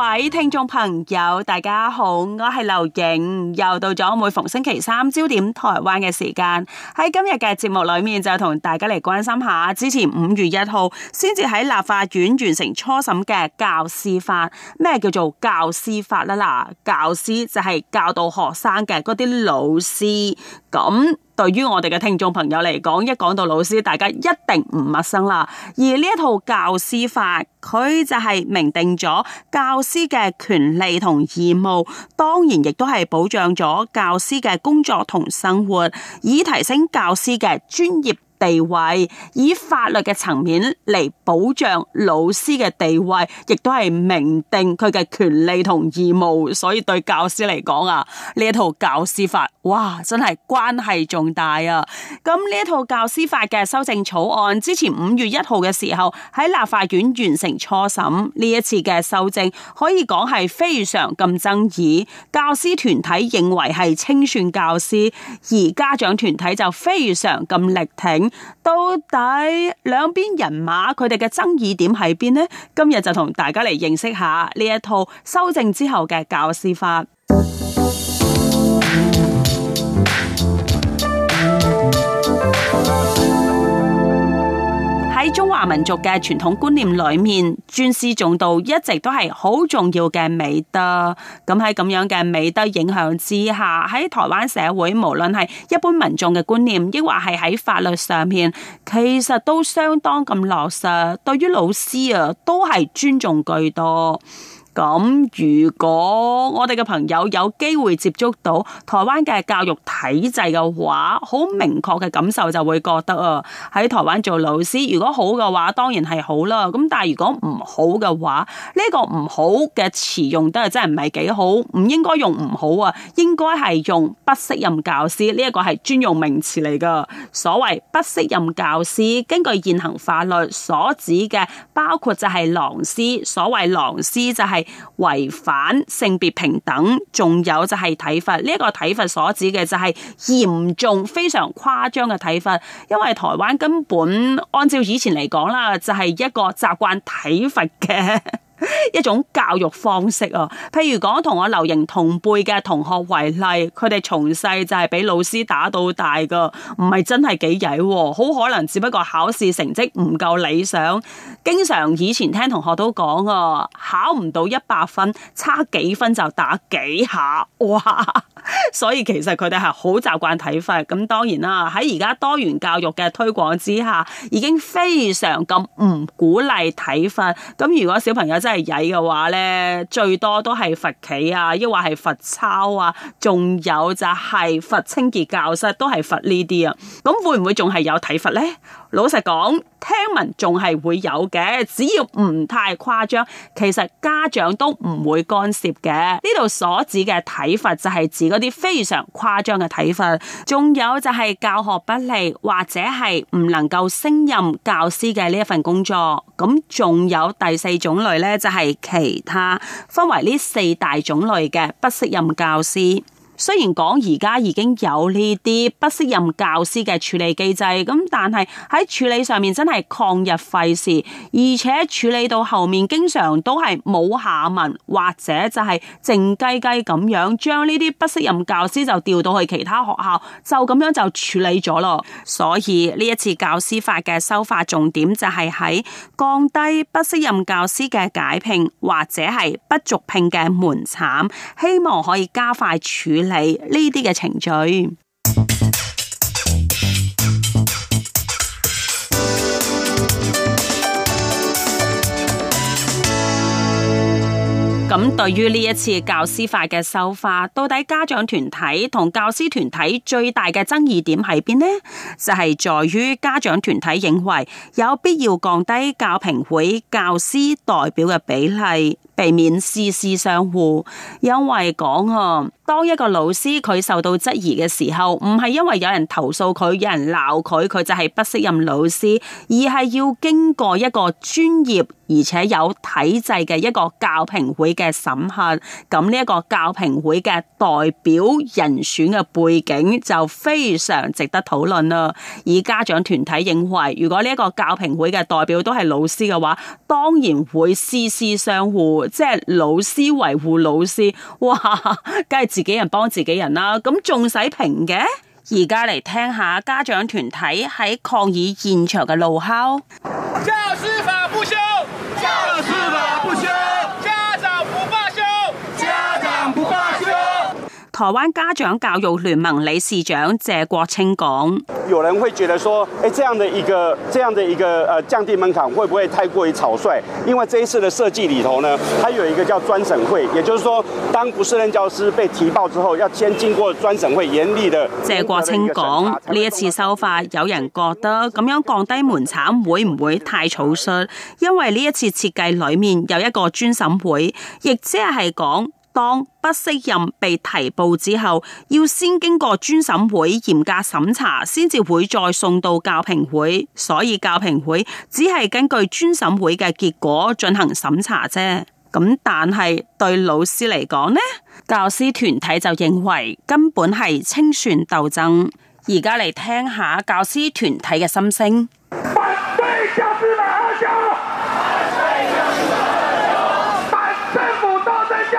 各位聽眾朋友，大家好，我係劉穎，又到咗每逢星期三焦點台灣嘅時間。喺今日嘅節目裏面，就同大家嚟關心下，之前五月一號先至喺立法院完成初審嘅教師法，咩叫做教師法啦？嗱，教師就係教導學生嘅嗰啲老師，咁。對於我哋嘅聽眾朋友嚟講，一講到老師，大家一定唔陌生啦。而呢一套教師法，佢就係明定咗教師嘅權利同義務，當然亦都係保障咗教師嘅工作同生活，以提升教師嘅專業。地位，以法律嘅層面嚟保障老師嘅地位，亦都係明定佢嘅權利同義務。所以對教師嚟講啊，呢一套教師法，哇，真係關係重大啊！咁呢一套教師法嘅修正草案，之前五月一號嘅時候喺立法院完成初審，呢一次嘅修正可以講係非常咁爭議。教師團體認為係清算教師，而家長團體就非常咁力挺。到底兩邊人馬佢哋嘅爭議點喺邊呢？今日就同大家嚟認識下呢一套修正之後嘅教師法。民族嘅傳統觀念裏面，尊師重道一直都係好重要嘅美德。咁喺咁樣嘅美德影響之下，喺台灣社會，無論係一般民眾嘅觀念，抑或係喺法律上面，其實都相當咁落實。對於老師啊，都係尊重居多。咁如果我哋嘅朋友有機會接觸到台灣嘅教育體制嘅話，好明確嘅感受就會覺得啊，喺台灣做老師如果好嘅話當然係好啦。咁但係如果唔好嘅話，呢個唔好嘅詞用得係真係唔係幾好，唔應該用唔好啊，應該係用不適任教師呢一個係專用名詞嚟噶。所謂不適任教師根據現行法律所指嘅，包括就係狼師，所謂狼師就係。違反性別平等，仲有就係體罰。呢一個體罰所指嘅就係嚴重、非常誇張嘅體罰。因為台灣根本按照以前嚟講啦，就係一個習慣體罰嘅。一種教育方式啊，譬如講同我劉瑩同輩嘅同學為例，佢哋從細就係俾老師打到大噶，唔係真係幾曳，好可能只不過考試成績唔夠理想，經常以前聽同學都講啊，考唔到一百分，差幾分就打幾下，哇！ 所以其實佢哋係好習慣體罰，咁當然啦，喺而家多元教育嘅推廣之下，已經非常咁唔鼓勵體罰。咁如果小朋友真係曳嘅話呢，最多都係罰企啊，抑或係罰抄啊，仲有就係罰清潔教室，都係罰呢啲啊。咁會唔會仲係有體罰呢？老實講，聽聞仲係會有嘅，只要唔太誇張，其實家長都唔會干涉嘅。呢度所指嘅體罰就係指。嗰啲非常誇張嘅睇法，仲有就係教學不利或者係唔能夠勝任教師嘅呢一份工作，咁仲有第四種類咧就係其他，分為呢四大種類嘅不適任教師。雖然講而家已經有呢啲不適任教師嘅處理機制，咁但係喺處理上面真係曠日廢時，而且處理到後面經常都係冇下文，或者就係靜雞雞咁樣將呢啲不適任教師就調到去其他學校，就咁樣就處理咗咯。所以呢一次教師法嘅修法重點就係喺降低不適任教師嘅解聘或者係不續聘嘅門檻，希望可以加快處理。嚟呢啲嘅程序咁， 對於呢一次教師法嘅修法，到底家長團體同教師團體最大嘅爭議點喺邊呢？就係、是、在於家長團體認為有必要降低教評會教師代表嘅比例，避免師師相護，因為講啊。當一個老師佢受到質疑嘅時候，唔係因為有人投訴佢、有人鬧佢，佢就係不適任老師，而係要經過一個專業而且有體制嘅一個教評會嘅審核。咁呢一個教評會嘅代表人選嘅背景就非常值得討論啦。以家長團體認為，如果呢一個教評會嘅代表都係老師嘅話，當然會師師相護，即係老師維護老師。哇，梗係。自己人幫自己人啦，咁仲使評嘅？而家嚟聽下家長團體喺抗議現場嘅怒吼。教師法不台灣家長教育聯盟理事長謝國清講：有人會覺得說，誒、欸，這樣的一個這樣的一個，誒、呃，降低門檻會不會太過於草率？因為這一次的設計裏頭呢，它有一個叫專審會，也就是說，當不適任教師被提報之後，要先經過專審會嚴厲的。謝國清講：呢一次修法，有人覺得咁樣降低門檻會唔會太草率？因為呢一次設計裏面有一個專審會，亦即係講。當不適任被提報之後，要先經過專審會嚴格審查，先至會再送到教評會。所以教評會只係根據專審會嘅結果進行審查啫。咁但係對老師嚟講呢？教師團體就認為根本係清算鬥爭。而家嚟聽下教師團體嘅心聲。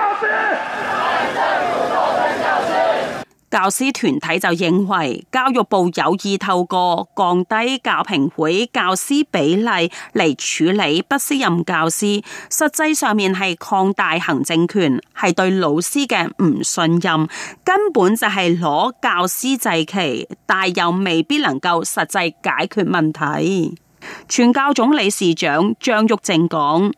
教師，教師團體就認為教育部有意透過降低教評會教師比例嚟處理不適任教師，實際上面係擴大行政權，係對老師嘅唔信任，根本就係攞教師祭旗，但又未必能夠實際解決問題。全教總理事長張玉正講。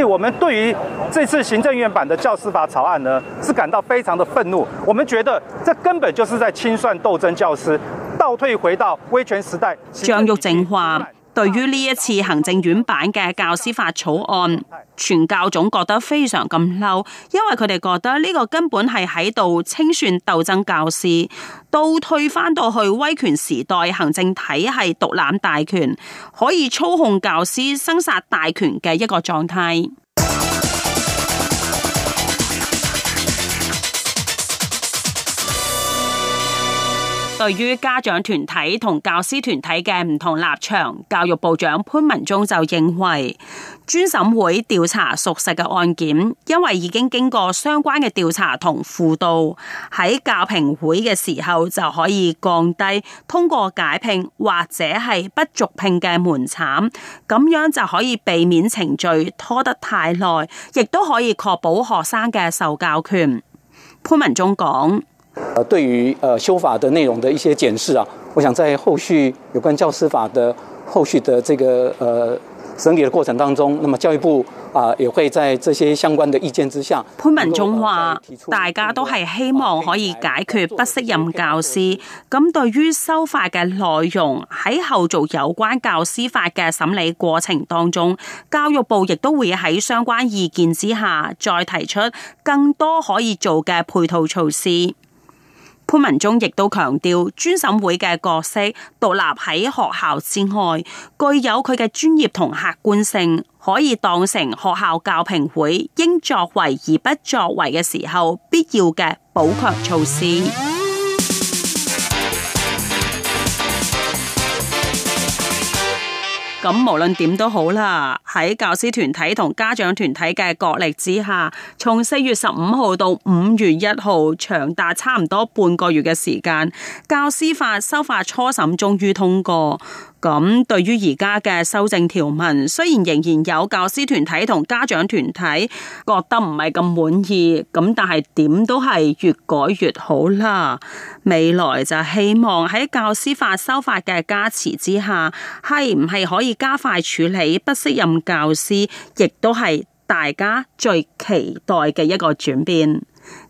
所以，我們對於這次行政院版的教師法草案呢，是感到非常的憤怒。我們覺得這根本就是在清算鬥爭教師，倒退回到威權時代，時代。張玉靜話。對於呢一次行政院版嘅教師法草案，全教總覺得非常咁嬲，因為佢哋覺得呢個根本係喺度清算鬥爭教師，倒退翻到去威權時代，行政體系獨攬大權，可以操控教師生殺大權嘅一個狀態。對於家長團體同教師團體嘅唔同立場，教育部長潘文忠就認為，專審會調查屬實嘅案件，因為已經經過相關嘅調查同輔導，喺教評會嘅時候就可以降低通過解聘或者係不續聘嘅門檻，咁樣就可以避免程序拖得太耐，亦都可以確保學生嘅受教權。潘文忠講。呃，對於呃修法的內容的一些解釋啊，我想在後續有關教師法的後續的這個呃審理的過程當中，那麼教育部啊也會在這些相關嘅意見之下，潘文忠話，大家都係希望可以解決不適任教師。咁、嗯、對於修法嘅內容喺後續有關教師法嘅審理過程當中，教育部亦都會喺相關意見之下再提出更多可以做嘅配套措施。潘文忠亦都強調，專審會嘅角色獨立喺學校之外，具有佢嘅專業同客觀性，可以當成學校教評會應作為而不作為嘅時候必要嘅補強措施。咁無論點都好啦，喺教師團體同家長團體嘅角力之下，從四月十五號到五月一號，長達差唔多半個月嘅時間，教師法修法初審終於通過。咁對於而家嘅修正條文，雖然仍然有教師團體同家長團體覺得唔係咁滿意，咁但係點都係越改越好啦。未來就希望喺教師法修法嘅加持之下，係唔係可以加快處理不適任教師，亦都係大家最期待嘅一個轉變。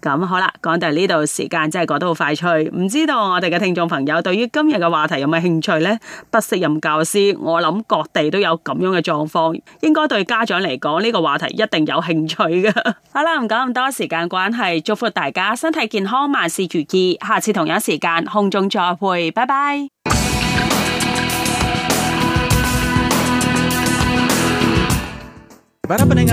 咁好啦，講到呢度時間真係過得好快脆，唔知道我哋嘅聽眾朋友對於今日嘅話題有冇興趣呢？不適任教師，我諗各地都有咁樣嘅狀況，應該對家長嚟講呢個話題一定有興趣噶。好啦，唔講咁多，時間關係，祝福大家身體健康，萬事如意，下次同樣時間空中再會，拜拜。不嬲，唔理佢。